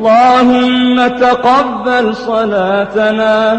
اللهم تقبل صلاتنا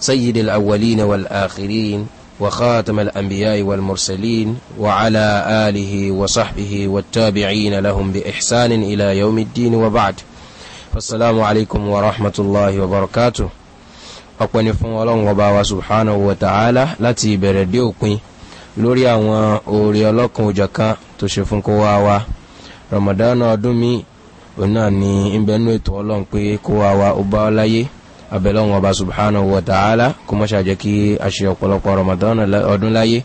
سيد الأولين والآخرين وخاتم الأنبياء والمرسلين وعلى آله وصحبه والتابعين لهم بإحسان إلى يوم الدين وبعد فالسلام عليكم ورحمة الله وبركاته ọ̀pọ̀ ni fún ọlọ́run ọba wa subhanahu wa ta'ala láti ìbẹ̀rẹ̀ dé òpin lórí àwọn oore ọlọ́kan òjọ̀kan tó ṣe fún kó wá wa ramadan ọdún mi òun náà ni ń bẹnu ètò ọlọ́run pé kó wá wa ó bá ọ láyé 2023 abẹ́lọ́wọ̀n ọba subhanahu wa ta'ala kó mọ́ ṣàjẹ́ kí a ṣe ọ̀pọ̀lọpọ̀ ramadan ọdún láyé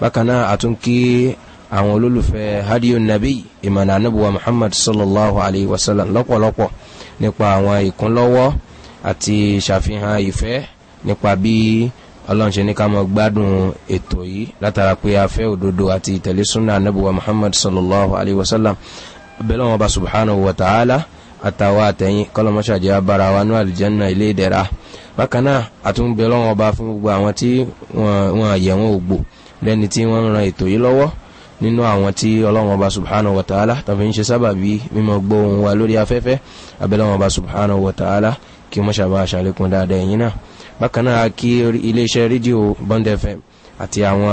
bákan náà àtún kí àwọn olólùfẹ́ hadiyo nabi ìmọ̀nà anábùwà muhammad sallallahu alayhi wa sallam lọ́pọ̀lọpọ̀ nípa àwọn ìkúnlọ́wọ́ àti ṣàfihàn ìfẹ́ nípa bí ọlọ́run ní ká mọ gbádùn ètò yìí látara pé a fẹ́ òdodo àti ìtẹ̀lé súnà anábùwà muhammad sallallahu alayhi wa sallam abẹ́lọ́wọ̀n ọba subhanahu wa ta'ala àtàwọn àtẹ̀yìn kọ́lọ́mọ́ṣàjẹ́ abára wa ní àlùjẹ́nà ilé ìdẹ̀ra bákan náà àtúnbẹ lọ́wọ́ ọba fún gbogbo àwọn tí wọ́n àyẹ̀wọ̀n ògbò lẹ́ni tí wọ́n ń ran ètò yìí lọ́wọ́ nínú àwọn tí ọlọ́wọ́n ọba subhanahu wa ta'ala tàbí ń ṣe sábà bí mímọ́ gbọ́ ohun wa lórí afẹ́fẹ́ abẹ́lẹ́wọ̀n ọba subhanahu wa ta'ala kí wọ́n ṣàbá ṣàlékún dáadáa ẹ̀yìn náà bákan náà kí iléeṣẹ́ rédíò bond fm àti àwọn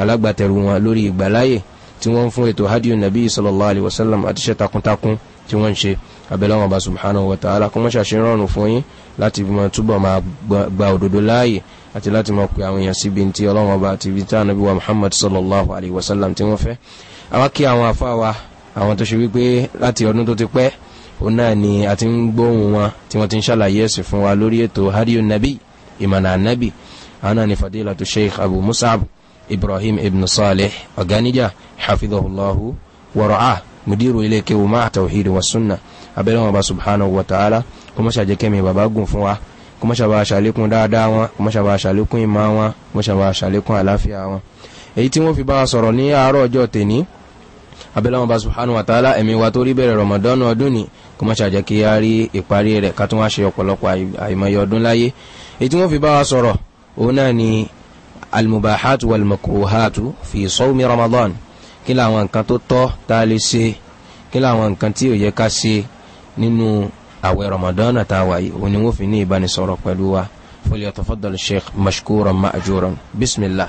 alágbàtẹ̀rù wọn lórí ìgbàláyè tí wọ́n ń fún ètò hadiyu nabi sallallahu alayhi wa sallam àti ṣe takuntakun tí wọ́n ń ṣe abẹ́láwọn ọba subhanahu wa ta'ala kọ́ mọ́ṣà ṣe rọrùn fún yín láti mọ̀ túbọ̀ máa gba òdodo láàyè àti láti mọ̀ pé àwọn èèyàn síbi tí ọlọ́run ọba àti ibi tí ànábì wa muhammad sallallahu alayhi wa sallam tí wọ́n fẹ́ àwa kí àwọn afá wa àwọn tó ṣe wípé láti ọdún tó ti pẹ́ òun náà ni a ti ń gbóhùn wọn tí wọ́n ti ń ṣàlàyé ẹ̀sìn fún wa lórí ètò hadiyu nabi ìmọ̀nà nabi àwọn náà ni fadila tó sheikh abu musab ibrahim ibn saleh ọ̀gánijà hafidhahullahu wọ̀rọ̀ ah mudiru ilé kéwù máa tawhid wa sunna abẹ́rẹ́ wọn bá subhanahu wa ta'ala kó mọ́ ṣàjẹ́ kẹ́mi bàbá gùn fún wa kó mọ́ ṣàbá ṣàlékún dáadáa wọn kó mọ́ ṣàbá ṣàlékún ìmá wọn kó mọ́ ṣàbá ṣàlékún àláfíà wọn. èyí tí wọ́n fi bá wa sọ̀rọ̀ ní àárọ̀ ọjọ́ tèní abẹ́rẹ́ wọn bá subhanahu wa ta'ala ẹ̀mí wa tó rí bẹ̀rẹ̀ ramadan ọdún ni kó mọ́ ṣàjẹ́ kí a rí ìparí rẹ̀ ká tún wá ṣe ọ̀pọ̀lọpọ̀ àìmọye ọdún láyé èyí tí wọ́n fi bá wa sọ̀rọ̀ òun náà ni almubahatu walmakruhatu fi sọ́wmi ramadan kí làwọn nǹkan tó tọ́ tá a lè ṣe kí làwọn nǹkan tí ò yẹ ká ṣe nínú àwẹ̀ ramadan tá a wà yìí òun ni wọ́n fi ní ìbánisọ̀rọ̀ pẹ̀lú wa فليتفضل الشيخ مشكورا مأجورا بسم الله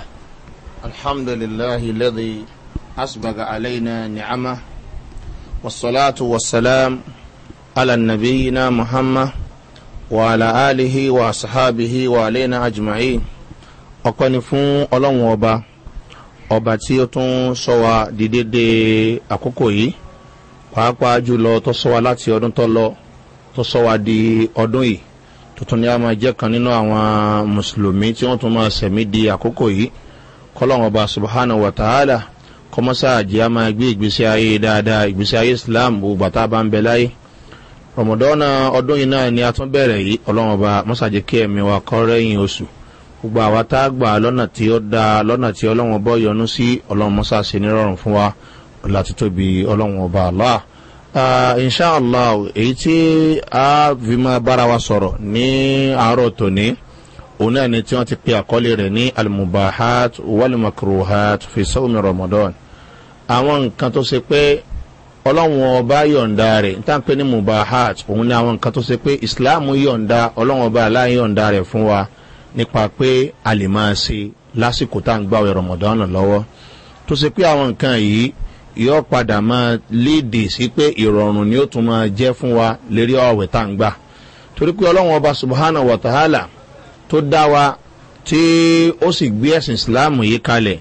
الحمد لله الذي أسبق علينا نعمه والصلاة والسلام على نبينا محمد وعلى آله وأصحابه وعلينا أجمعين أقنفون ألم وبا ọba tí ó tún sọ wa dídéde àkókò yìí pàápàá jùlọ tó sọ wa láti ọdún tó lọ tó sọ wa di ọdún yìí tuntun ni a máa jẹ́ kan nínú àwọn mùsùlùmí tí wọ́n tún máa sẹ̀mí di àkókò yìí kọ́lọ́wọ́n ọba subahana wa ta'ala kọ́mọ́sá àjẹ́ a máa gbé ìgbésí ayé dáadáa ìgbésí ayé islam gbogbo àtà bá ń bẹ láyé rọmọdọ́nà ọdún yìí náà ni a tún bẹ̀rẹ̀ yìí ọlọ́wọ́n ọba mọ́sàjẹ́ kí ẹ̀mí kọ́ rẹ́yìn oṣù gbogbo àwa tá a gbà lọ́nà tí ó dáa lọ́nà tí ọlọ́wọ́n bọ́ yọnu sí ọlọ́run mọ́sá ṣe nírọ̀rùn fún wa láti tóbi ọlọ́run ọba àlá. inṣàlá èyí tí a fi máa bára wa sọ̀rọ̀ ní àárọ̀ tòní òun náà ni tí wọ́n ti pe àkọlé rẹ̀ ní almubahat walimakruhat fi sọ́wọ́mi ramadan àwọn nǹkan tó ṣe pé ọlọ́run ọba yọ̀ǹda rẹ̀ n ń pè ní mubahat òun ni àwọn nǹkan tó ṣe pé islam yọ̀ǹda ọlọ́run ọba aláyọ̀ǹda rẹ̀ fún wa nípa pé a lè máa ṣe lásìkò tá à ń gbàwé rọmọdánù lọ́wọ́ tó ṣe pé àwọn nǹkan yìí yóò padà máa léde sí pé ìrọ̀rùn ni ó tún máa jẹ́ fún wa lérí ọ̀wẹ̀ tá à ń gbà torí pé ọlọ́run ọba subahana wàtàhálà tó dá wa tí ó sì gbé ẹ̀sìn ìsìláàmù yìí kalẹ̀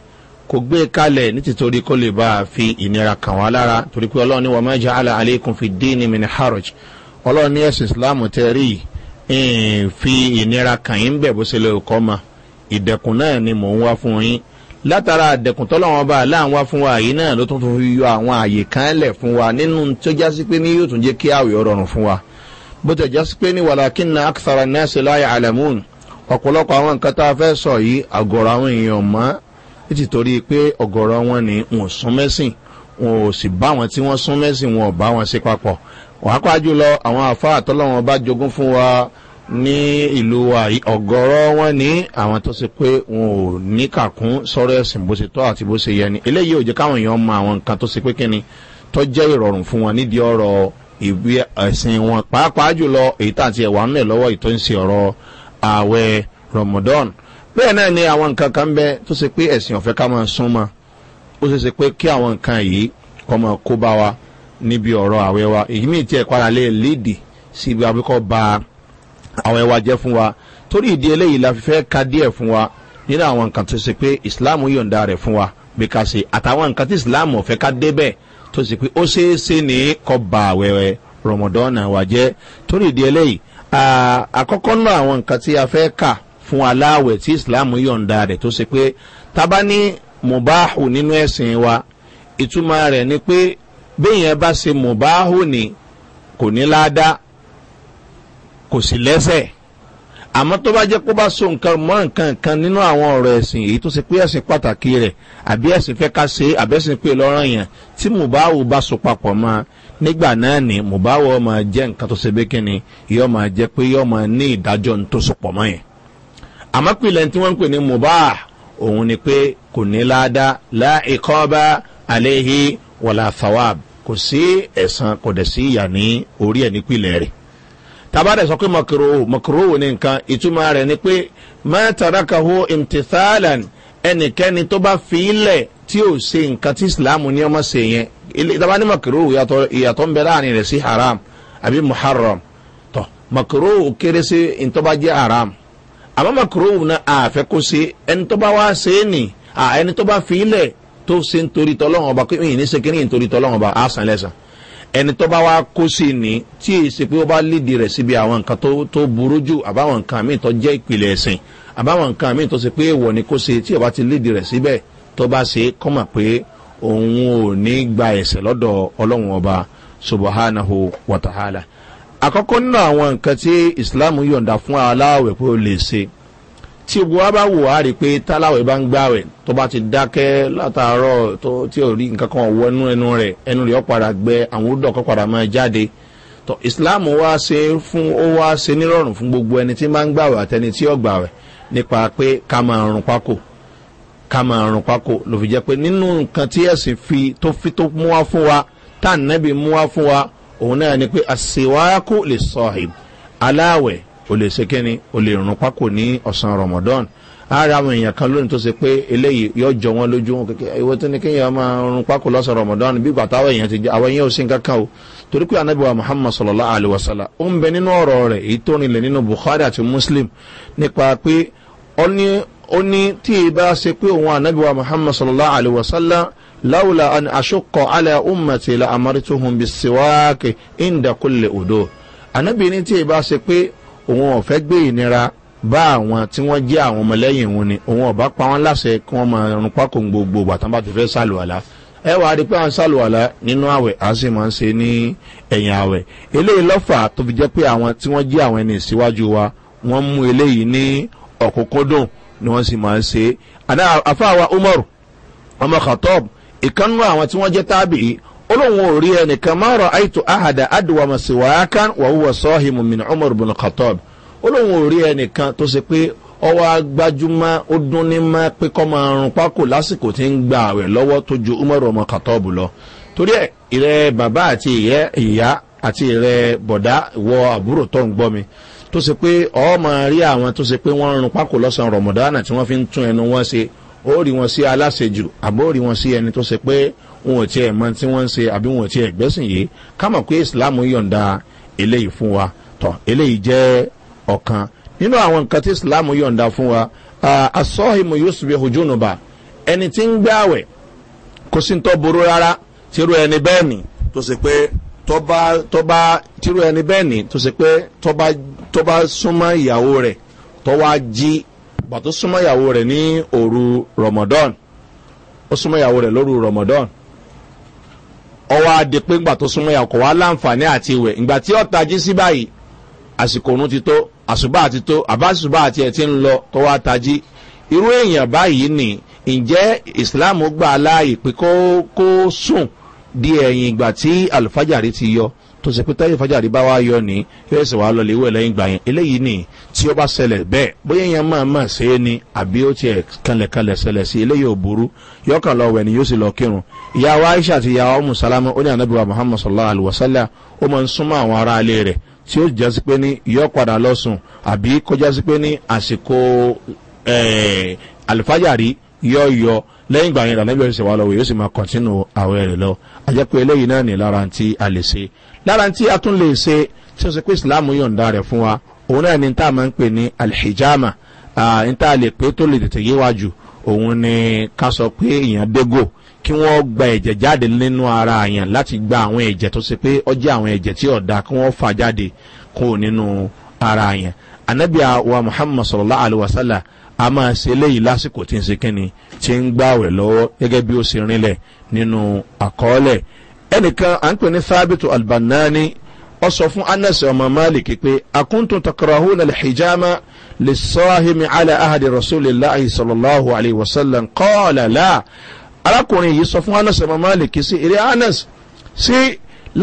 kò gbé e kalẹ̀ ní kó lè bá a fi ìnira kàn wá lára torí pé ọlọ́run ní wàá mẹ́jọ àlà aleikum fi dín ní mini haraj ọlọ́run ní ẹ̀sìn ìsìláàmù tẹ́ rí yìí fi ìnira kàn yín bẹ̀ bó ṣe lè kọ́ ma ìdẹ̀kùn náà ni mò ń wá fún yín látara àdẹ̀kùn tọ́lọ́wọ́n bá láà ń wá fún wa yìí náà ló tún fi yọ àwọn àyè kan lẹ̀ fún wa nínú tó jásí pé ní yóò tún jẹ́ kí àwẹ̀ rọrùn fún wa bó tẹ̀ jásí pé ní wàlákìnnà akitara nẹ́ẹ̀sì láyà àlẹ́mùn ọ̀pọ̀lọpọ̀ àwọn nǹkan tá a fẹ́ sọ yìí àgọ̀rọ̀ àwọn èèyàn mọ́ nítorí pé ọ̀gọ̀rọ̀ wọn ni wọn sún mẹ́sìn wọn ò sì bá wọn tí wọ́n sún mẹ́sìn wọn ò bá wọn sí papọ̀ wàápá jùlọ àwọn àfa àtọ́lọ́wọ́n bá jogún fún wa ní ìlú wa ọ̀gọ́rọ́ wọn ní àwọn tó ṣe pé wọn ò ní kàkún sọ́rọ́ ẹ̀sìn bó ṣe tọ́ àti bó ṣe yẹ ni eléyìí ò jẹ́ káwọn èèyàn mọ àwọn nǹkan tó ṣe pé kíni tó jẹ́ ìrọ̀rùn fún wọn nídìí ọ̀rọ̀ ìwé ẹ̀sìn wọn pàápàá jùlọ èyí tá àti ẹ̀wà ńlẹ̀ lọ́wọ́ ìtọ́ ń ṣe ọ̀rọ̀ ààwẹ̀ ramadan bẹ́ẹ̀ náà ni àwọn nǹkan kan bẹ tó ṣe pé ẹ̀sìn ọ̀fẹ́ ká máa sún mọ́ ó ṣe ṣe pé kí àwọn nǹkan yìí kọ́ máa kó bá wa níbi ọ̀rọ̀ àwẹ̀ wa èyí mi tiẹ̀ padà lè léèdì sí ibi ba àwẹ̀ wa jẹ́ fún wa torí ìdí eléyìí la fi fẹ́ ka díẹ̀ fún wa nínú àwọn nǹkan tó ṣe pé islam yọ̀ǹda rẹ̀ fún wa bí ká ṣe àtàwọn nǹkan tí islam ọ̀fẹ́ ká débẹ̀ tó ṣe pé ó ṣeé ṣe ní kọ́ ba àwẹ̀ rọmọdọ́nà wa jẹ́ torí ìdí eléyìí àkọ́kọ́ náà àwọn nǹkan tí a fẹ́ kà fún aláwẹ̀ tí islam yọ̀ǹda rẹ̀ tó ṣe pé tábà mubahu nínú ẹ̀sìn wa ìtumọ̀ rẹ̀ ni pé béèyàn bá ṣe mùbáhù ni kò ní láadá kò sì lẹ́sẹ̀ àmọ́ tó bá jẹ́ kó bá so nǹkan mọ́ nǹkan kan nínú àwọn ọ̀rọ̀ ẹ̀sìn èyí tó ṣe pé ẹ̀sìn pàtàkì rẹ̀ àbí ẹ̀sìn fẹ́ ká ṣe àbẹ́sìn pé lọ́rọ̀ yẹn tí mùbáwò bá so papọ̀ mọ́ nígbà náà ni mùbáwò ọmọ jẹ́ nǹkan tó ṣe bí kíni yóò máa jẹ́ pé yóò máa ní ìdájọ́ ní tó so pọ̀ mọ́ yẹn. àmọ́ pìlẹ̀ tí wọ́n ń pè ní mùbá òun ni pé kò ní láadá láìkọ́ bá àléhi wọ̀là thawab kò sí ẹ̀sán kò dẹ̀ sí ìyà ní orí ẹ̀ nípìnlẹ̀ rẹ̀ tabadẹ sọ pé mọkìròwò mọkìròwò ní nǹkan ìtumọ̀ rẹ̀ ni pé mẹ́tàdákàwó imtithalan ẹnikẹ́ni tó bá fi ilẹ̀ tí ò ṣe nǹkan tí ìsìláàmù ní ọmọ ṣe yẹn tabadẹ mọkìròwò ìyàtọ̀ ń bẹ láàrin rẹ̀ sí haram àbí muharram tọ mọkìròwò kéré sí ìtọ́ba jẹ́ haram àmọ́ mọkìròwò náà àfẹ́ ẹni tó bá wá ṣe é ẹni tó bá fi ilẹ̀ tó ṣe ń torí tọ́lọ́wọ́n ọba pé ìyìn ní ṣe kí ní ìyìn torí tọ́lọ́wọ́n ọba á san lẹ́sàn ẹni tó bá wá kó sí ni tí èyí ṣe pé ó bá lédi rẹ̀ síbi àwọn nǹkan tó burú jù àbáwọn nǹkan míì tó jẹ́ ìpìlẹ̀ ẹ̀sìn àbáwọn nǹkan míì tó ṣe pé èèwọ̀ ni kó ṣe tí ọba ti lédi rẹ̀ síbẹ̀ tó bá ṣe kọ́ mọ̀ pé òun ò ní gba ẹ̀sẹ̀ lọ́dọ̀ ọlọ́run ọba subahánahu wàtàhálà. àkọ́kọ́ nínú àwọn nǹkan tí islam yọ̀ǹda fún aláwẹ̀ pé ó lè ṣe tí gbogbo wa bá wò á rí i pé táláwẹ̀ bá ń gbàwẹ̀ tó bá ti dákẹ́ látàárọ̀ tó tí ò rí nǹkan kan wọnú ẹnu rẹ̀ ẹnu rẹ̀ ó padà gbẹ àwọn ó dọ̀kọ́ padà máa jáde tó islam wá ṣe fún ó wá ṣe nírọ̀rùn fún gbogbo ẹni tí máa ń gbàwẹ̀ àtẹni tí ó gbàwẹ̀ nípa pé ká máa rún pákó ká máa rún pákó ló fi jẹ́ pé nínú nǹkan tí ẹ̀sìn fi tó fi tó mú wá fún wa tá à mú wá fún wa òun náà ni pé àṣewákò lè sọ o lè ṣe kínní o lè rún pákó ní ọ̀sán ramadan ara àwọn èèyàn kan lónìí tó ṣe pé eléyìí yóò jọ wọn lójú wọn kékeré ìwé tó ní kéèyàn máa rún pákó lọ́sàn ramadan bí gbàtà àwọn èèyàn ti jẹ àwọn èèyàn ò sí nǹkan kan o torí pé anabi muhammad sallallahu alayhi wa sallam ó ń bẹ nínú ọ̀rọ̀ rẹ̀ èyí tó rinlẹ̀ nínú bukhari àti muslim nípa pé ó ní tí ì bá ṣe pé òun anabi muhammad sallallahu alayhi wa sallam láwùlà àni àṣọkọ alẹ́ ummeti la amarituhun bisiwaaki inda kulle òun ọ̀fẹ́ gbé ìnira bá àwọn tí wọ́n jẹ́ àwọn ọmọlẹ́yìn òun ni òun ọ̀bá pa wọ́n láṣẹ kí wọ́n máa rún pákó gbogbo bàtán bá ti fẹ́ sàlùwàlá ẹ wàá rí i pé à ń sàlùwàlá nínú àwẹ̀ à sì máa ń ṣe ní ẹ̀yìn àwẹ̀ eléyìí lọ́fà tó fi jẹ́ pé àwọn tí wọ́n jẹ́ àwọn ẹni ìsíwájú wa wọ́n mú eléyìí ní ọ̀kúnkúndùn ni wọ́n sì máa ń ṣe é àná umar ọmọ khatob ìkànnú àwọn tí wọ́n jẹ́ tábìí olóhùn ò rí ẹnìkan máa rọ àìtò àhàdà àdùwàmọ̀ sí wàá kán wàhùwà sọ́ọ̀hìmù min umar bin khatab olóhùn ò rí ẹnìkan tó ṣe pé ọwọ́ agbájúmọ́ ó dún ní má pé kọ́ máa rún pákó lásìkò tí ń gba àwẹ̀ lọ́wọ́ tó ju umar ọmọ khatab lọ torí ẹ ìrẹ bàbá àti ìyá àti ìrẹ bọ̀dá wọ àbúrò tó ń gbọ́ mi tó ṣe pé ọ máa rí àwọn tó ṣe pé wọ́n rún pákó lọ́sàn-án rọ̀mọ̀dánà ó rí wọn sí aláṣejù àbó rí wọn sí ẹni tó ṣe pé wọn ò tiẹ̀ mọ tí wọ́n ń ṣe àbí wọn ò tiẹ̀ gbẹ́sìn yìí ká mọ̀ pé islam yọ̀ǹda eléyìí fún wa tọ̀ eléyìí jẹ́ ọ̀kan nínú àwọn nǹkan tí islam yọ̀ǹda fún wa asọ́hìmù yusufi hujunuba ẹni tí ń gbé àwẹ̀ kò sí tó burú rárá tírú ẹni bẹ́ẹ̀ ni tó ṣe pé tọ́ba tọ́ba tírú ẹni bẹ́ẹ̀ ni tó ṣe pé tọ́ba tọ́ba súnmọ́ ìyàwó rẹ̀ tọ́wá jí gbà tó súnmọ́ ìyàwó rẹ̀ ní òru ramadan ó súnmọ́ ìyàwó rẹ̀ lóru ramadan ọwọ́ adé pé ńgbà tó súnmọ́ ìyàwó kọ̀ wá láǹfààní àti ìwẹ̀ ìgbà tí ọ̀tá jí sí báyìí àsìkò òun ti tó àṣùbà àti tó àbáṣùbà àti ẹ̀ ti ń lọ tó wá tají irú èèyàn báyìí ni ǹjẹ́ ìsìláàmù gbà láàyè pé kó kó sùn di ẹ̀yìn ìgbà tí àlùfájàre ti yọ tó ṣe pé táyé fàjàrí bá wá yọ ní yóò ṣe wàá lọlé ìwé lẹ́yìn gbà yẹn eléyìí ni tí ó bá ṣẹlẹ̀ bẹ́ẹ̀ bóyá yẹn máa máa ṣe é ni àbí ó tiẹ̀ kanlẹ̀kanlẹ̀ ṣẹlẹ̀ sí eléyìí ò burú yọkàn lọ wẹ̀ ni yóò sì lọ kírun. ìyá wa aisha àti ìyá wa musalama ó ní anabiwa muhammad sallallahu alaihi wa sallam ó máa ń súnmọ́ àwọn ará ilé rẹ̀ tí ó jásí pé ní yọ padà lọ́sùn àbí kó jásí pé ní àsìkò àlùfájàrí yọ yọ lẹ́yìn ìgbà yẹn lànà ìbẹ̀rẹ̀ ṣe wà lọ́wọ́ yóò sì máa kọ̀tínú àwẹ̀ rẹ̀ lọ àjẹpẹ́ eléyìí náà ní lára ti àlè lára tí a tún lè ṣe tí ó ṣe pé ìsìláàmù yọ̀ǹda rẹ̀ fún wa òun náà ni tá a máa ń pè ní alhijama n tá a lè pé tó lè tètè yíwájú òun ni ká sọ pé èèyàn dégò kí wọ́n gba ẹ̀jẹ̀ jáde nínú ara àyàn láti gba àwọn ẹ̀jẹ̀ tó ṣe pé ọjọ́ àwọn ẹ̀jẹ̀ tí ọ̀dà kí wọ́n fà jáde kúrò nínú ara àyàn anabi wa muhammad sallallahu alaihi wa sallam a máa ṣe eléyìí lásìkò tí ń ṣe kínni tí ń gbàwẹ̀ lọ́wọ́ gẹ́gẹ́ bí ó ṣe rinlẹ̀ nínú àkọọ́lẹ̀ ẹnìkan à ń pè ní sábìtù albanani ọ sọ fún anas ọmọ malik pé akuntun takarahu na lixijama lè sọ́hìmì alẹ́ ahadi rasulillahi sallallahu alayhi wa sallam kọ́ọ̀lá la arákùnrin yìí sọ fún anas ọmọ malik sí eré anas sí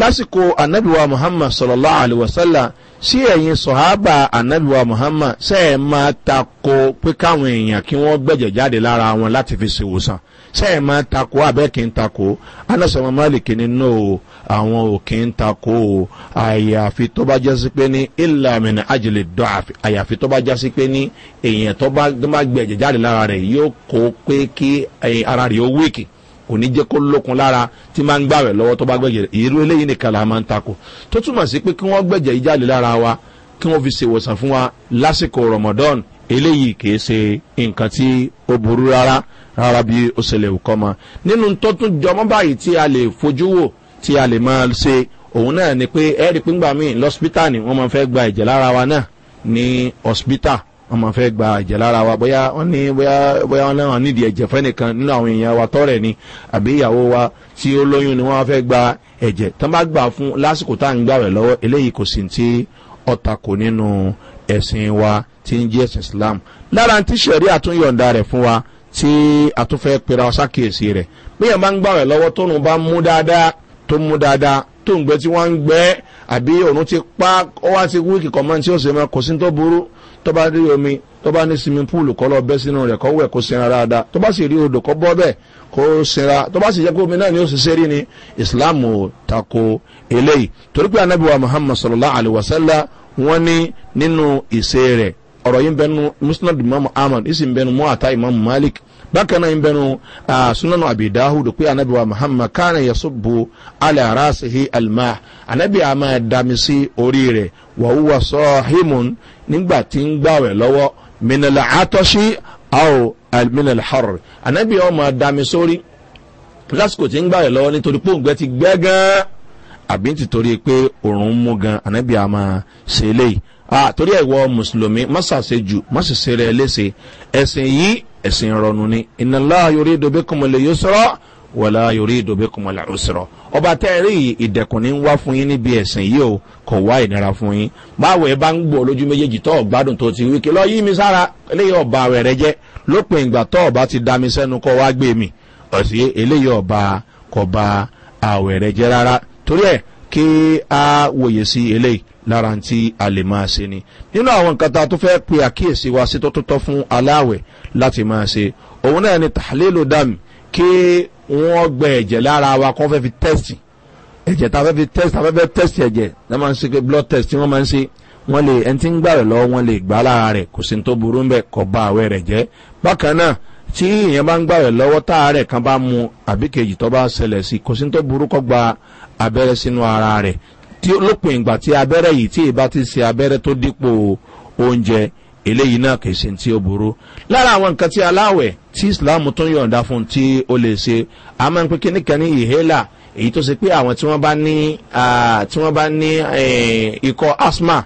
lásìkò anabiwa muhammad sallallahu alayhi wa sallam sí ẹ̀yin sọ̀hábà anabiwa muhammad ṣe é máa tako pé káwọn èèyàn kí wọ́n gbẹ̀jẹ̀ jáde lára wọn láti fi ṣe ìwòsàn ṣe é máa tako abẹ́ kì í tako anasọ̀mọ́ malik nínú o àwọn ò kì í tako o àyàfi tó bá jásí pé ní ilamina ajele dọ́ àyàfi tó bá jásí pé ní èèyàn tó bá gbẹ̀jẹ̀ jáde lára rẹ̀ yóò kó pé kí ara rẹ̀ ó wíkì kò ní jẹ́ kó lókun lára tí máa ń gbàwẹ̀ lọ́wọ́ tó bá gbẹ̀jẹ̀ irú eléyìí nìkan la máa ń takò tó túmọ̀ sí pé kí wọ́n gbẹ̀jẹ̀ ìjáde lára wa kí wọ́n fi ṣèwòsàn fún wa lásìkò ramadan eléyìí kìí ṣe nǹkan tí ó burú rárá rárá bí ó ṣẹlẹ̀ òkọ́ ma nínú tó tún jọmọ́ báyìí tí a lè fojú wò tí a lè máa ṣe òun náà ni pé ẹ̀ẹ́dì pínpà míì lọ́sípítà ni wọ́n máa fẹ́ gba ẹ̀jẹ̀ lára wa náà ní hospital wọ́n máa fẹ́ gba ẹ̀jẹ̀ lára wa bóyá wọ́n ní bóyá bóyá wọ́n náà nídìí ẹ̀jẹ̀ fẹ́nìkan nínú àwọn èèyàn wa tọ́rẹ̀ ni àbí ìyàwó wa tí ó lóyún ni wọ́n fẹ́ gba ẹ̀jẹ̀ tán bá gbà fún lásìkò tá à ń gbà rẹ̀ lọ́wọ́ eléyìí kò sì ti ọ̀tà kò nínú ẹ̀sìn wa tí ń jẹ́ islam lára tí sẹ̀rí àtúnyọ̀ǹda rẹ̀ fún wa tí àtúnfẹ́ pera sákèésí rẹ̀ bí yẹn bá ń gbà rẹ̀ lọ́wọ́ tóun bá mú dáadáa tó mú dáadáa tó ń gbẹ tí wọ́n ń gbẹ́ àbí òun ti pa ó wá ti wíìkì kọ̀mọ́ tí ó sì máa kò sí tó burú tó bá rí omi tó bá ní swimming pool kọ́ lọ bẹ́ sínú rẹ̀ kọ́ wẹ̀ kó sinra dáadáa tó bá sì rí odò kọ́ bọ́ bẹ́ẹ̀ kó sinra tó bá sì jẹ́ kó omi náà ni ó sì sẹ́rí ni islam ò tako eléyìí torí pé anabiwa muhammad sallallahu alayhi wa sallam wọ́n ní nínú ìṣe rẹ̀ ọ̀rọ̀ yìí ń bẹnu musnad imam ahmad ìsìn bẹnu muata imam malik bákan náà ń bẹnu sunanu abi dahud pé anabi wa muhammad kánà yasubu ala rasihi alma anabi a máa dami sí orí rẹ wàhùwà sọhimun nígbà tí ń gbàwẹ̀ lọ́wọ́ minala atọ́sí aw minala har anabi a máa dami lásìkò tí ń gbàwẹ̀ lọ́wọ́ nítorí pé ti gbẹ́ gan àbí nítorí pé òòrùn mú gan anabi a ṣe eléyìí torí ẹ̀wọ̀ mùsùlùmí má ṣàṣejù má sì ṣe rẹ̀ léṣe ẹ̀sìn yìí ẹ̀sìn rọrùn ni ìnàlá yorí ìdòbí kùmọ̀lẹ̀ yóò sọ̀rọ̀ wọ̀lá yorí ìdòbí kùmọ̀lẹ̀ yóò sọ̀rọ̀ ọba tẹ́ẹ̀rí ìdẹ̀kùn ní ń wá fún yín níbi ẹ̀sìn yìí o kò wá ìnira fún yín báwo ẹ bá ń gbọ́ lójú méjèèjì tó ọ̀gbádùn tó ti wí kí lọ yí mi sára eléyìí ọba rẹ̀ rẹ jẹ́ lópin ìgbà tó ọba ti da mi sẹ́nu kọ́ wá gbé mi ọ̀sì eléyìí ọba kò àwẹ̀ rẹ̀ jẹ́ rárá torí ẹ̀ kí a wòye sí eléyìí lára tí a lè máa ṣe ni nínú àwọn nǹkan tá a tó fẹ́ pe àkíyèsí wa sí tọ́tọ́tọ́ fún aláwẹ̀ láti máa ṣe òun náà ni tàhálélò dàmí kí wọ́n gbẹ ẹ̀jẹ̀ lára wa kọ́ fẹ́ fi tẹ́sì ẹ̀jẹ̀ tá a fẹ́ fi tẹ́sì afẹ́fẹ́ tẹ́sì ẹ̀jẹ̀ náà máa ń ṣe blood test tí wọ́n máa ń ṣe wọ́n lè ẹni tí ń gbà rẹ̀ lọ́wọ́ wọ́n lè gbà lára rẹ̀ kò sí tó burú ń kọ́ bá àwẹ̀ rẹ̀ jẹ́ bákan náà tí èèyàn bá ń gbà rẹ̀ lọ́wọ́ táàrẹ̀ kan bá mu àbí kejì tó bá ṣẹlẹ̀ sí kò sí tó burú kọ́ gba abẹ́rẹ́ sínú ara rẹ̀ tí lópin ìgbà tí abẹ́rẹ́ yìí tí ìbá ti ṣe abẹ́rẹ́ tó dípò oúnjẹ eléyìí náà kì í ṣe tí ó burú lára àwọn nǹkan tí aláwẹ̀ tí islam tó ń yọ̀ǹda fún tí ó lè ṣe a máa ń pín kíní kan ní ìhélà èyí tó ṣe pé àwọn tí wọ́n bá ní tí wọ́n bá ní ikọ̀ asthma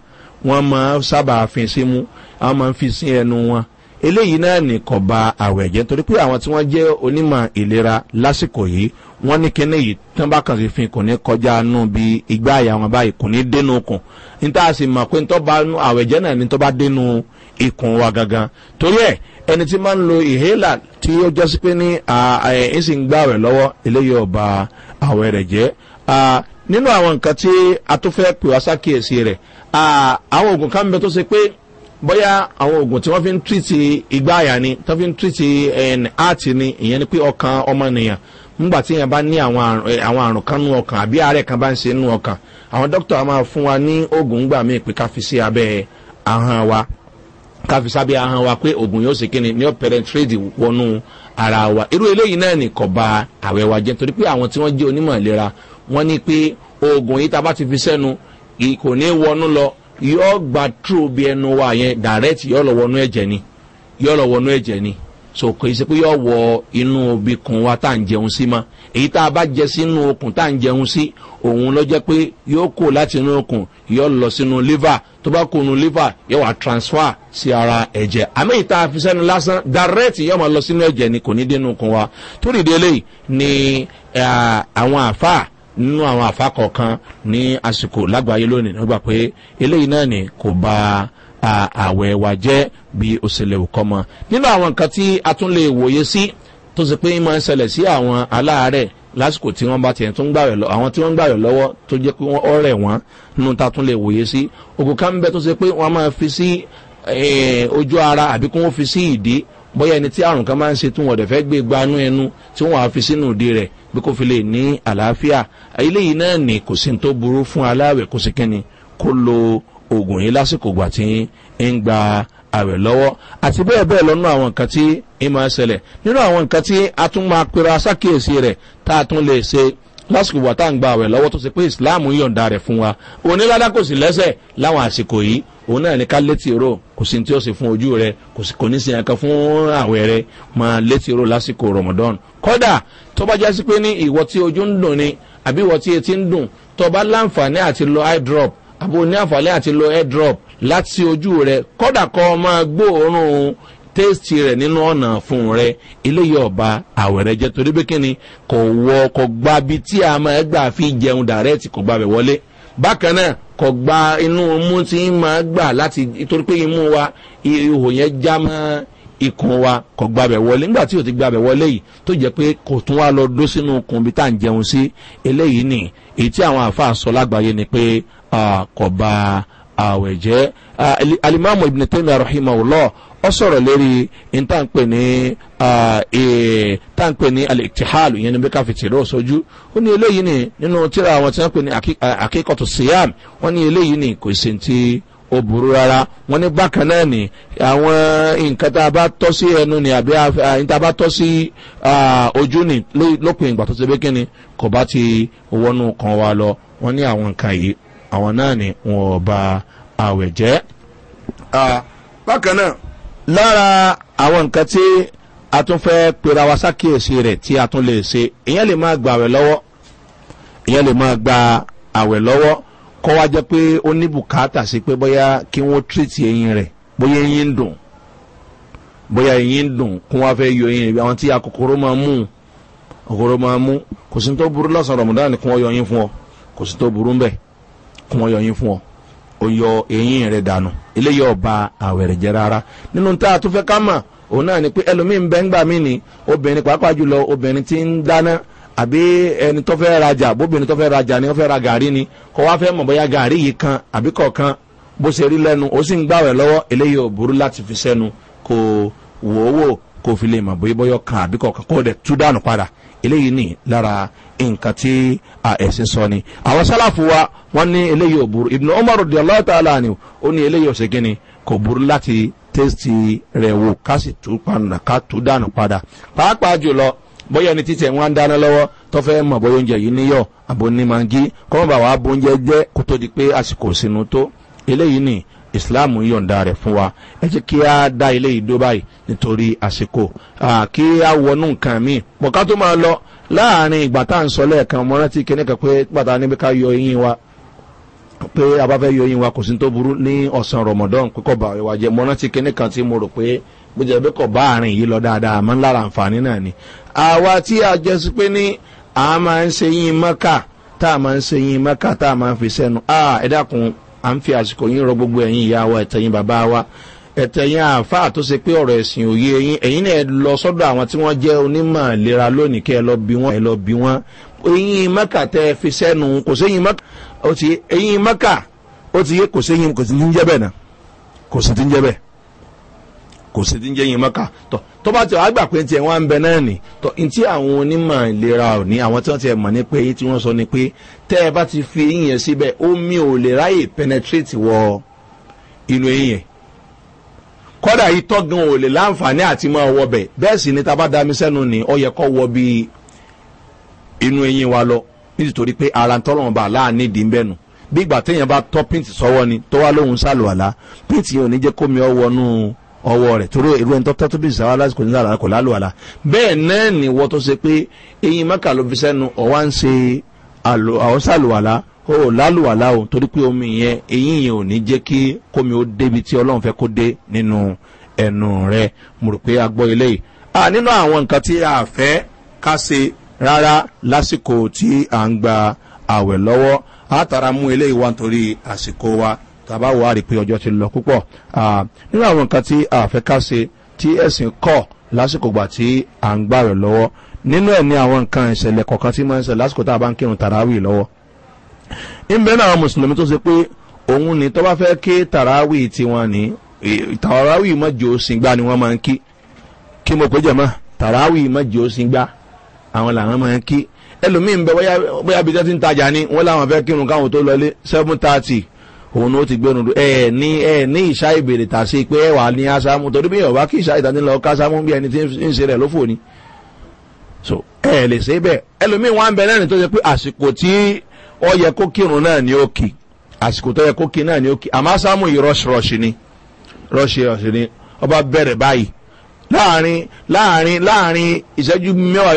wọ́n máa sábà fi sí mú wọ́n máa ń fi sí ẹnu wọn eléyìí náà ní kò ba àwẹ̀ jẹ́ torí pé àwọn tí wọ́n jẹ́ onímọ̀ ìlera lásìkò yìí wọ́n ní kíní yìí tán bá kàn sí fin kò ní kọjá nù bí igbá àyà wọn báyìí kò ní dénú okùn níta sì mọ̀ pé nítorí bá nù àwẹ̀ jẹ́ náà ní tó bá dénú ikùn wa gangan torí ẹ̀ ẹni tí máa ń lo ìhélà tí ó jẹ́ sí pé ní ẹ̀yìn sì ń gbá àwẹ̀ lọ́wọ́ eléyìí ò ba àwẹ̀ rẹ̀ jẹ́ nínú àwọn nǹkan tí a tó fẹ́ pè wá sákìyèsí rẹ̀ àwọn òògùn kan bẹ tó ṣe pé bóyá àwọn oògùn tí wọ́n fi ń tírìtì igbá àyà ni tó fi ń tírìtì áàtì eh, ni ìyẹn ni pé ọkàn ọmọnìyàn nígbà tí èèyàn bá ní àwọn àrùn eh, kan nú ọkàn àbí àárẹ̀ kan bá ń ṣe nú ọkàn àwọn dókítà wa máa fún wa ní oògùn gbà míì pé ká fi sí abẹ́ ahọ́n wa ká fi sábẹ́ ahọ́n wa pé oògùn yóò ṣe kí ni ní trade wọnú ara wa irú eléyìí náà ni kò ba àwẹ̀ wa jẹ́ torí pé àwọn tí wọ́n jẹ́ onímọ̀ ìlera wọ́n ní pé oògùn yìí ta bá ti fi sẹ́nu kò ní wọnú lọ yọ gba tró bí ẹnu wa yẹn direct yọ lọ wọnú ẹ̀jẹ̀ ni yọ lọ wọnú ẹ̀jẹ̀ ni so kò sí pé yọ wọ inú obìkun wa tá à ń jẹun sí ma èyí tá a bá jẹ sínú okùn tá à ń jẹun sí òun lọ jẹ pé yóò kó láti inú okùn yọ lọ sínú liver tó bá kó nu liver yọ wà transfer sí ara ẹ̀jẹ̀ àmì èyí tá lásán direct yọ máa lọ sínú ẹ̀jẹ̀ ni kò ní dénú okùn wa torí délé ni eh, àwọn àfáà nínú àwọn àfàkọ̀ọ̀kan ní àsìkò lágbàáyé lónìí nígbà pé eléyìí náà ni kò bá àwẹ̀ wa jẹ́ bí ó ṣe lè mọ́ nínú àwọn nǹkan tí a tún lè wòye sí tó ṣe pé máa ń ṣẹlẹ̀ sí àwọn aláàárẹ̀ lásìkò tí wọ́n bá tiẹ̀ tún gbàwẹ̀ lọ àwọn tí wọ́n gbàwẹ̀ lọ́wọ́ tó jẹ́ pé wọ́n ọ̀rẹ̀ wọ́n nínú ta tún lè wòye sí ògùn kan bẹ tó ṣe pé wọ́n máa fi sí eh, ojú ara àbí kí wọ́n fi sí ìdí bóyá ẹni tí àrùn kan máa ń ṣe tí wọ́n dẹ̀ fẹ́ gbé gbanú ẹnu tí wọ́n á fi sínú ìdí rẹ̀ bí kò fi lè ní àlàáfíà eléyìí náà ní kò sí tó burú fún aláàwẹ̀ kò sí kẹ́ni kó lo oògùn yìí lásìkò gbà tí ń gba àwẹ̀ lọ́wọ́ àti bẹ́ẹ̀ bẹ́ẹ̀ lọ́nà àwọn nǹkan tí ń máa ṣẹlẹ̀ nínú àwọn nǹkan tí a tún máa pera sákìyèsí rẹ̀ tá a tún lè ṣe lásìkò wà tá à ń gba àwẹ̀ lọ́wọ́ tó ṣe pé islam yọ̀ǹda rẹ̀ fún wa onílàdá kò sì lẹ́sẹ̀ láwọn àsìkò yìí òun náà ní ká létí rò kò sí tí ó sì fún ojú rẹ kò ní sí ẹ̀ka fún àwẹ̀ rẹ máa létí rò lásìkò ramadan kódà tó bá jásí pé ní ìwọ tí ojú ń dùn ni àbí ìwọ tí etí ń dùn tó bá láǹfààní àti lo eye drop àbò ní àǹfààní àti lo eye drop láti ojú rẹ kódà kọ máa gbóòórùn tẹ́sítì rẹ̀ nínú ọ̀nà fún rẹ̀ eléyìí ọba àwẹ̀rẹ̀ jẹ́ torí pé kíni kò wọ kò gba bi tí a máa gbà fi jẹun dàrẹ́ẹ̀tì kò gba bẹ̀ wọlé bákan náà kò gba inú imú tí máa gbà láti torí pé imú wa ihò yẹn já máa ikùn wa kò gbabẹ̀ wọlé nígbà tí o ti gbabẹ̀ wọlé yìí tó jẹ́ pé kò tún wá lọ dó sínú ikùn bí tá à ń jẹun sí eléyìí nì èyí tí àwọn àfa sọ lágbàáyé ni pé kò bá àwẹ̀ jẹ́ alimami ibn taymi arahimahulọ ọ sọ̀rọ̀ lérí ntànpẹ̀ ní e, tànpẹ̀ ní alìtìhálù yẹn ní bí káfíntì rẹ̀ sọ́jú ó ní eléyìí nì nínú tíra àwọn tí wọ́n pè ní akíkọ̀tù siam wọ́n ní eléyìí nì kò sí ti ó burú rárá wọn ní bákan náà ni àwọn nǹkan tá a bá tọ́ sí ẹnu ni àbí àyìn tá a bá tọ́ sí ojú ni lópin ìgbà tó ṣe bẹ́ẹ̀ kíni kò bá ti wọnú kan wa lọ wọn ní àwọn nǹkan yìí àwọn náà ni wọn ò ba àwẹ̀ jẹ́. bákan náà lára àwọn nǹkan tí a tún fẹ́ pera wa sákìyèsí rẹ̀ tí a tún lè ṣe ìyẹn lè máa gba àwẹ̀ lọ́wọ́ ìyẹn lè máa gba àwẹ̀ lọ́wọ́ kọ́ wa jẹ́ pé ó ní bùkátà sí pé bóyá kí wọ́n tírìtì eyín rẹ̀ bóyá eyín ń dùn bóyá eyín ń dùn kó wọ́n fẹ́ yọ eyín rẹ̀ àwọn tí akokoro máa mú kòkòrò máa mú kò sí tó burú lọ́sàn rọ̀mùdánì kí wọ́n yọ eyín fún ọ kò sí tó burú wọ́n yọ eyín fún ọ ó ti ń àbí ẹni tó fẹ́ rajà bóbìnrin tó fẹ́ rajà ni wọ́n fẹ́ ra gàrí ni kò wá fẹ́ mọ̀ bóyá gàrí yìí kan àbí kọ̀ọ̀kan bó ṣe rí lẹ́nu ó sì ń gbàwẹ̀ lọ́wọ́ eléyìí ò burú láti fi sẹ́nu kò wò ó wò kò fi lè mọ̀ bóyá bóyá kan àbí kọ̀ọ̀kan kó dẹ̀ tú dànù padà eléyìí nì lára nǹkan tí ẹ̀sìn sọ ni. àwọn sálàfù wa wọ́n ní eléyìí ò burú ibùdó ọmọrò di ọlọ́ọ̀tà tẹ́sítì rẹ̀ wò ká sì tú dànù padà pàápàá jùlọ bóyá ẹni títí ẹ̀ wọ́n á dáná lọ́wọ́ tó fẹ́ mọ̀ bóyá oúnjẹ yìí níyọ̀ àbò ní mangi kọ́mọ́ bá wàá bó jẹ́ kó tó di pé àsìkò sínú tó eléyìí ni islam yọ̀ǹda rẹ̀ fún wa ẹ jẹ́ kí a dá eléyìí dó báyìí nítorí àsìkò kí a wọnú nǹkan míì pọ̀ ká tó máa lọ láàrin ìgbà tá à ń sọ lẹ́ẹ̀kan mo rántí kíní kan pé pàtàkì níbi ká yọ eyín wa pé a bá fẹ́ yọ eyín wa kò sí tó burú ní ọ̀sán rọmọdán pé bá wa jẹ mo rántí kíní kan tí mo rò pé bó jẹ́ pé kò bá àárín yìí lọ dáadáa àmọ́ lára àǹfààní náà ni. àwa tí a jẹ́ sí pé ní a máa ń ṣe yín mọ́kà tá a máa ń ṣe yín mọ́kà tá a máa ń fi sẹ́nu a ẹ dákun à ń fi àsìkò yín rọ gbogbo ẹ̀yin ìyá wa ẹ̀tẹ̀yìn bàbá wa ẹ̀tẹ̀yìn àáfàá tó ṣe pé ọ̀rọ̀ ẹ̀sìn òye yín ẹ̀yin náà lọ sọ́dọ̀ àwọn tí wọ́n jẹ́ onímọ̀ ìlera lónìí kẹ́ ẹ lọ bí wọ́n kò sí ti ń jẹ́ yín mọ́kà tọ́ tó bá ti wàá gbà pé tiẹ̀ wọ́n á ń bẹ náà nì tọ́ ntí àwọn onímọ̀ ìlera ò ní àwọn tí wọ́n ti mọ̀ ní pé tí wọ́n sọ ni pé tẹ́ ẹ bá ti fi eyín yẹn síbẹ̀ omi ò lè ráyè penetrate wọ inú eyín yẹn kọ́dà yìí tọ́gun ò lè láǹfààní àti máa wọ bẹ̀ bẹ́ẹ̀ sì ni tá a bá da mi sẹ́nu ni ọ yẹ kọ́ wọ bí inú eyín wa lọ nítorí pé ara ń tọ́lọ́wọ́n bá láàánú ìdí ń bẹ́nu bí ìgbà téèyàn bá tọ́ píǹtì sọ́wọ́ ni tó wá lóhun sálùwàlá píǹtì yẹn ò ní jẹ́ kó ọ wọnú ọwọ́ rẹ̀ torí irú ẹni tó tẹ́tù bí ìsáwá lásìkò ní àlàkò lálùwàlà bẹ́ẹ̀ náà ni wọ́n tó ṣe pé eyín mẹ́ka ló fi sẹ́nu ọ̀wá ń ṣe àwọ̀sàlùwàlà ó lálùwàlà o torí pé omi yẹn eyín yẹn ò ní jẹ́ kí kómi ó débi tí ọlọ́run fẹ́ kó dé nínú ẹnu rẹ̀ mo rò pé a gbọ́ ilé yìí. a nínú àwọn nǹkan tí a fẹ́ ká ṣe rárá lásìkò tí à ń gba àwẹ̀ lọ́wọ́ àtàrà mú eléyìí wá nítorí àsìkò wa tàbá wàá rí i pé ọjọ́ ti lọ púpọ̀ nínú àwọn nǹkan tí a fẹ́ ká ṣe tí ẹ̀sìn kọ̀ lásìkò gbà tí à ń gbà rẹ̀ lọ́wọ́ nínú ẹ̀ ní àwọn nǹkan ìṣẹ̀lẹ̀ kọ̀ọ̀kan tí máa ń ṣẹlẹ̀ lásìkò tá a bá ń kírun tàràwì lọ́wọ́ ìbẹ́ náà àwọn mùsùlùmí tó ṣe pé òun ni tó bá fẹ́ ké tàràwì tiwọn ní tàràwì mọ́jọ́ òsìngbà ni wọ́n máa ń kí kí mo pé jẹ̀mọ́ tàràwì mọ́jọ́ òsìngbà àwọn làwọn máa ń kí ẹlòmíín bẹ bóyá bíi tẹ́tí ń tajà ni wọ́n láwọn fẹ́ kírun káwọn tó lọlé seven thirty òun ló ti gbẹnu dùn ẹ ní ẹ ní ìṣá ìbèrè tà sí pé ẹ wà ní asámú torí bí yorùbá kí ìṣá ìdájọ́ lọ kásámú bí ẹni tí ń ṣe rẹ̀ ló fò ni so ẹ lè ṣe bẹ́ẹ̀ ẹlòmíín wá ń bẹ lẹ́rìn tó ṣe pé àsìkò tí ó yẹ kó kírun náà ní òkè àsìkò tó yẹ kó kí náà ní òkè àmọ́ asámú yìí rọ́ṣirọ́ṣi ni rọ́ṣirọ́ṣi ni ọba bẹ̀rẹ̀ báyìí láàrin láàrin láàrin ìṣẹ́jú mẹ́wàá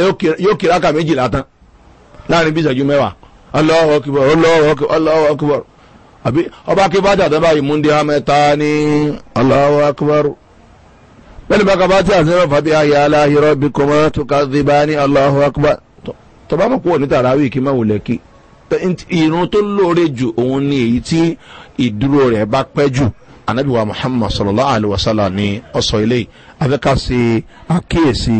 yóò àbí ọba kí bá dàdá báyìí múndé hamẹ́ta ní aláwọ̀ akọ́bárò bẹ́ẹ̀ni bá kaba tí a sinmi fati ayé aláhìírọ́ bí kọ́mọ́ tó ká sí bá ní aláwọ̀ akọ́bárò tọ́ba mọ̀ kúrò ní tàràwì kí má wulẹ̀ kí irun tó lóore jù òun ni èyí tí ìdúró rẹ̀ bá pẹ́ jù anabiwa muhammad sallallahu alaihi wa sallam ni ọ̀sọ̀ eléyìí afẹ́ká sí àkíyèsí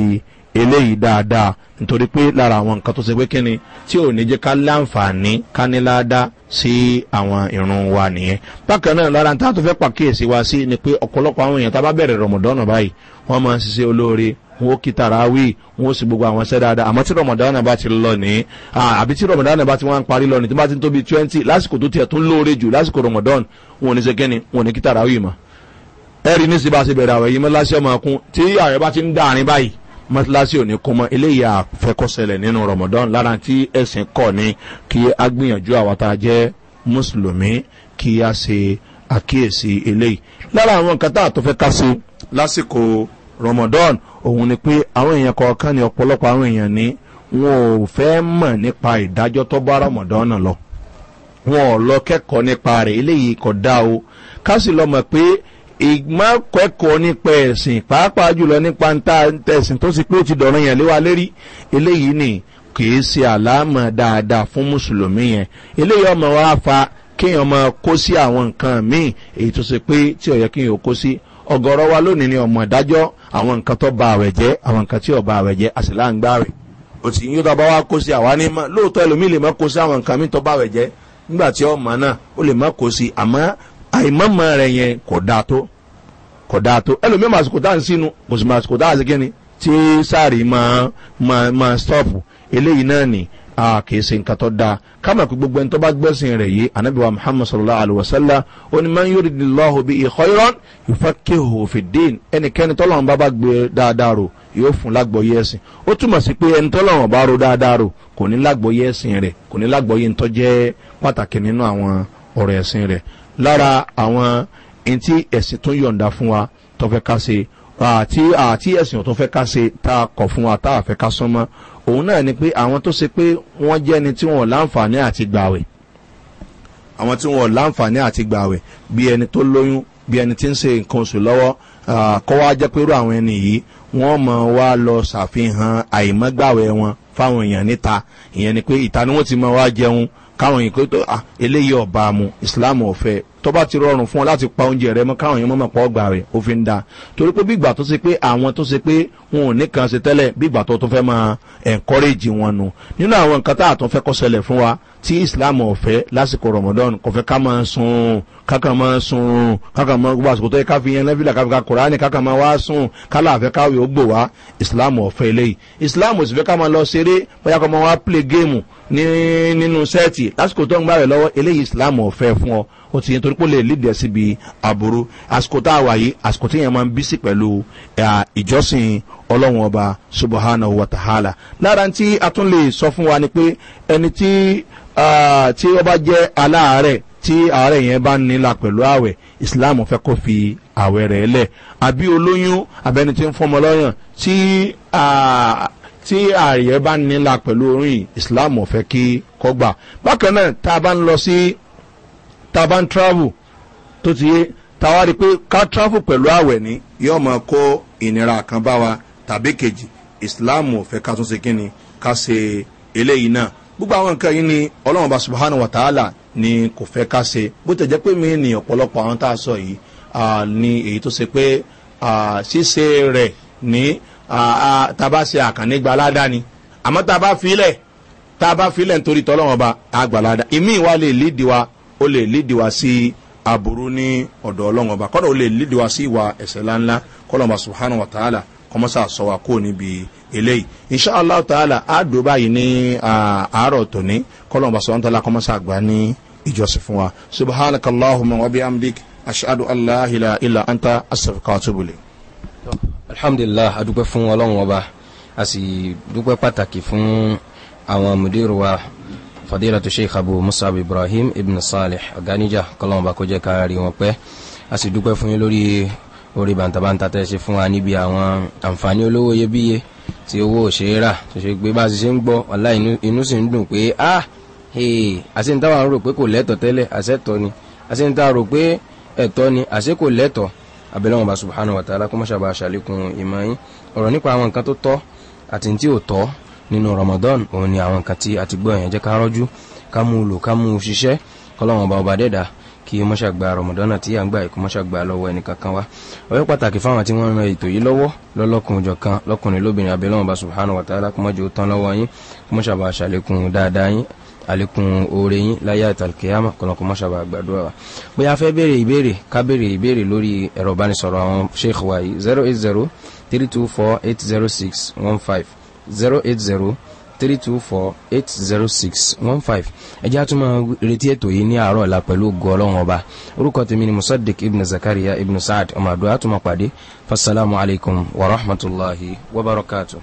eléyìí dáadáa nítorí pé lára àwọn nǹkan tó ṣe pé kíni tí ò ní jẹ́ ká láǹfààní ká ní ládàá sí àwọn irun wa nìyẹn bákan náà lára tá a tó fẹ́ pàkíyèsí wa sí ni pé ọ̀pọ̀lọpọ̀ àwọn èèyàn tá a bá bẹ̀rẹ̀ rọ̀mọ̀dọ́nà báyìí wọ́n máa ń ṣiṣẹ́ olóore wọn ó kí tàràwí wọn ó sì gbogbo àwọn ṣẹ́ dáadáa àmọ́ tí rọ̀mọ̀dọ́nà bá ti lọ ní àbí tí rọ̀mọ̀dọ́nà bá ti wọ́n ń parí lọ ní tí bá ti ń tóbi twenty lásìkò tó tiẹ̀ tó ń lóore jù lásìkò rọ̀mọ̀dọ́n wọn ò ní ṣe kíni wọn ò ní kí tàràwí mọ́ ẹ̀rí ní sì bá ṣe bẹ̀rẹ̀ àwẹ̀ yìí mọ́ láṣẹ́ ọmọ ọkùn tí àwẹ̀ bá ti ń dàrin báyìí mọ́tíláṣí ò ní kún mọ́ eléyìí àfẹ́kọ́sẹlẹ̀ nínú rọmọdán lára tí ẹ̀sìn kọ̀ ni kí a gbìyànjú àwọn tá a jẹ́ mùsùlùmí kí a ṣe àkíyèsí eléyìí lára àwọn nǹkan tá a tó fẹ́ ká sí lásìkò rọmọdán òun ni pé àwọn èèyàn kọ̀ọ̀kan ni ọ̀pọ̀lọpọ̀ àwọn èèyàn ní wọn ò fẹ́ mọ̀ nípa ìdájọ́ tó bá rọmọdán náà lọ wọn ò lọ kẹ́kọ̀ọ́ nípa rẹ̀ eléyìí kọ̀ dá o ká sì lọ mọ̀ pé ìgbà kẹ́kọ̀ọ́ nípa ẹ̀sìn pàápàá jùlọ nípa ẹ̀sìn tó sì pé ó ti dọ̀rọ̀ yẹn léwa lérí eléyìí ni í ṣe àlámọ̀ dáadáa fún mùsùlùmí yẹn eléyìí ọmọ wa fa kéèyàn máa kó sí àwọn nǹkan míì èyí tó ṣe pé tí ọ̀yẹ́ ni ọmọ ìdájọ́ àwọn nǹkan tó ba àwẹ̀ jẹ́ àwọn nǹkan tí ò ba àwẹ̀ jẹ́ òtí yóò wa kó sí àwa ní lóòótọ́ ẹlòmíì lè má kó sí àwọn nǹkan míì tó àìmọ́mọ́ rẹ̀ yẹn kò dáa tó kò dáa tó ẹlòmíì màsìkò tá à ń sínú kò sì màsìkò tá sí kíni tí sáàrì máa máa máa stọ́ọ̀pù eléyìí náà ni a kìí ṣe nǹkan tó dáa kámà pé gbogbo ẹni tó bá gbẹ́sìn rẹ̀ yìí anabiwa muhammad sallallahu alayhi wa sallam ó ní man yóò di lọ́hùn bí ìkọ́ irán ìfọ́kẹ́ òfin dín ẹnikẹ́ni tọ́lọ́run bá bá gbé dáadáa rò yóò fún lágbọ̀ọ́yé ẹ̀sìn ó túmọ̀ sí pé ẹni tọ́lọ́run bá ro dáadáa rò kò ní lágbọ̀ọ́yé ẹ̀sìn rẹ̀ kò ní lágbọ̀ọ́yé ń tọ́jẹ́ pàtàkì nínú àwọn ọ̀rọ̀ ẹ̀sìn rẹ̀ lára àwọn ntí ẹ̀sìn tó yọ̀ǹda fún wa tó fẹ́ ká ṣe àti àti ẹ̀sìn tó fẹ́ ká ṣe tá a kọ̀ fún wa tá a fẹ́ ká sán mọ́ òun náà ni pé àwọn tó ṣe pé wọ́n jẹ́ ẹni tí wọ́n láǹfààní àti gbàwẹ̀ àwọn tí wọ́n láǹfààní àti gbàwẹ̀ bí ẹni tó lóyún bí ẹni tí ń ṣe nǹkan oṣù lọ́wọ́ kọ́ wá jẹ́ pé irú àwọn ẹni yìí wọ́n mọ̀ wá lọ ṣàfihàn àìmọ́gbàwẹ̀ wọn fáwọn èèyàn níta ìyẹn ni pé ìta ti mọ̀ wá jẹun káwọn èèyàn pé tó eléyìí ọ̀bà mu ìsìláàmù ọ̀fẹ́ tọ́ba ti rọrùn fún ọ láti pa oúnjẹ rẹ mọ́ káwọn yẹn mọ́ pọ̀ gbà rẹ̀ òfin da torí pé bígbà tó ṣe pé àwọn tó ṣe pé wọn ò ní kan ṣe tẹ́lẹ̀ bígbà tó tó fẹ́ máa encourage wọn nu nínú àwọn nǹkan tá a tún fẹ́ kọ́ ṣẹlẹ̀ fún wa tí islam ọ̀fẹ́ lásìkò ramadan kò fẹ́ ká máa sun kákan máa sun kákan máa gbọ́ àsìkò tó yẹ ká fi yẹn lẹ́fìlà ká kùránì kákan máa wá sun kálá àfẹ́ káwé ó gbò wá islam ọ̀fẹ́ eléyìí islam ò sì fẹ́ ká máa lọ ṣeré bóyá kó máa wá play game nínú sẹ́ẹ̀tì lásìkò tó ń gbà rẹ̀ lọ́wọ́ eléyìí islam ọ̀fẹ́ fún ọ ó ti yẹn torí pé ó lè lédè ẹ síbi aburú àsìkò tá a wà yìí àsìkò tí yẹn máa ń bí sí pẹ̀lú ìjọsìn ọlọ́run ọba subahana wa ta'ala lára tí a tún lè sọ fún wa ni pé ẹni tí tí ó jẹ́ aláàárẹ̀ tí àárẹ̀ yẹn bá ń nílà pẹ̀lú ààwẹ̀ islam fẹ́ kó fi ààwẹ̀ rẹ̀ lẹ̀ àbí olóyún abẹni tí ń fọmọ lọ́yàn tí tí ààrẹ bá ń nílà pẹ̀lú orin islam fẹ́ kí kọ́gbà bákan náà tá a bá ń lọ sí tá bá ń travel tó ti yé táwa rí i pé ká travel pẹ̀lú àwẹ̀ ní yóò máa kó ìnira kan bá wa tàbí kejì islam ò fẹ́ ká tún ṣe kí ni ká ṣe eléyìí náà gbogbo àwọn nǹkan yìí ni ọlọ́run bá subahana wa ta'ala ni kò fẹ́ ká ṣe bó tẹ̀ pé mi ni ọ̀pọ̀lọpọ̀ àwọn tá a sọ yìí ni èyí tó ṣe pé ṣíṣe rẹ̀ ní tá bá ṣe àkànnígba aládàáni àmọ́ tá bá filẹ̀ tá bá filẹ̀ nítorí tọ́lọ́wọ́n ba àgbàládà ìmí ìwà lè lídìí wa ó lè lídìí wá sí aburú ní ọ̀dọ̀ ọlọ́run ọba kọ́dọ̀ ó lè lídìí wá sí ìwà ẹ̀sẹ̀ ńláńlá kọ́lọ́mà subhanahu wa ta'ala kọ́mọ́sá sọ wa kó níbi eléyìí inṣàlá ta'ala á dùn báyìí ní àárọ̀ tòní kọ́lọ́mà subhanahu wa ta'ala kọ́mọ́sá àgbà ní ìjọsìn fún wa subhanakallahumma wa bihamdik ashadu allah ila ila anta asafika tubule. alhamdulilah adúpẹ́ fún ọlọ́run ọba a sì dúpẹ́ pàtàkì fún àwọn mùdírù wa tu sheikh abu musab ibrahim ibn salih ọ̀gánijà kọ́lọ́mù bá kó jẹ́ ká rí wọn pẹ́ a sì dúpẹ́ fún yín lórí orí bàǹtàbàǹtà tẹ́ ṣe fún wa níbi àwọn àǹfààní olówó iyebíye tí owó ṣe é rà tó ṣe pé bá a ṣe ń gbọ́ ọ̀la inú sì ń dùn pé ah, a àṣẹ ń táwa rò pé kò lẹ́tọ̀ tẹ́lẹ̀ àṣẹ tọ́ ni àṣẹ ń táwa rò pé ẹ̀tọ́ ni àṣẹ kò lẹ́tọ̀ abẹ́lẹ́wọ̀n bá subhanahu wa ta'ala kó mọ́ṣábà ṣàlékún ìmọ̀ yín ọ̀rọ̀ nípa àwọn nǹkan tó tọ́ àti tí ò tọ́ nínú ramadan òun ni àwọn nǹkan tí a ti gbọ́ yẹn jẹ́ ká rọ́jú ká mú lò ká mú ṣiṣẹ́ kọ́lọ́wọ́n ọba ọba dẹ́dà kí mọ́ṣà gba rọmọdọ́nà tí à ń gbà ẹ̀kọ́ mọ́ṣà gba lọ́wọ́ ẹnìkankan wa ọyọ́ pàtàkì fáwọn tí wọ́n ń ran ètò yìí lọ́wọ́ lọ́lọ́kùnjọ kan lọ́kùnrin lóbìnrin abẹ́lọ́wọ̀n bá subhanahu wa ta'ala kọ́mọ́jọ tán lọ́wọ́ yín kọ́mọ́ṣà bá zero eight zero three two four eight zero six one five 080 324 806 15 ẹjẹ́ àtúmọ̀ retí ètò yìí ní àárọ̀ ọ̀la pẹ̀lú ògo ọlọ́run ọba orúkọ tèmi ni musaddiq ibn zakaria ibn saad ọmọ àdúrà àtúmọ̀ pàdé fasalaamu alaykum wa rahmatulahi wa barakatuh.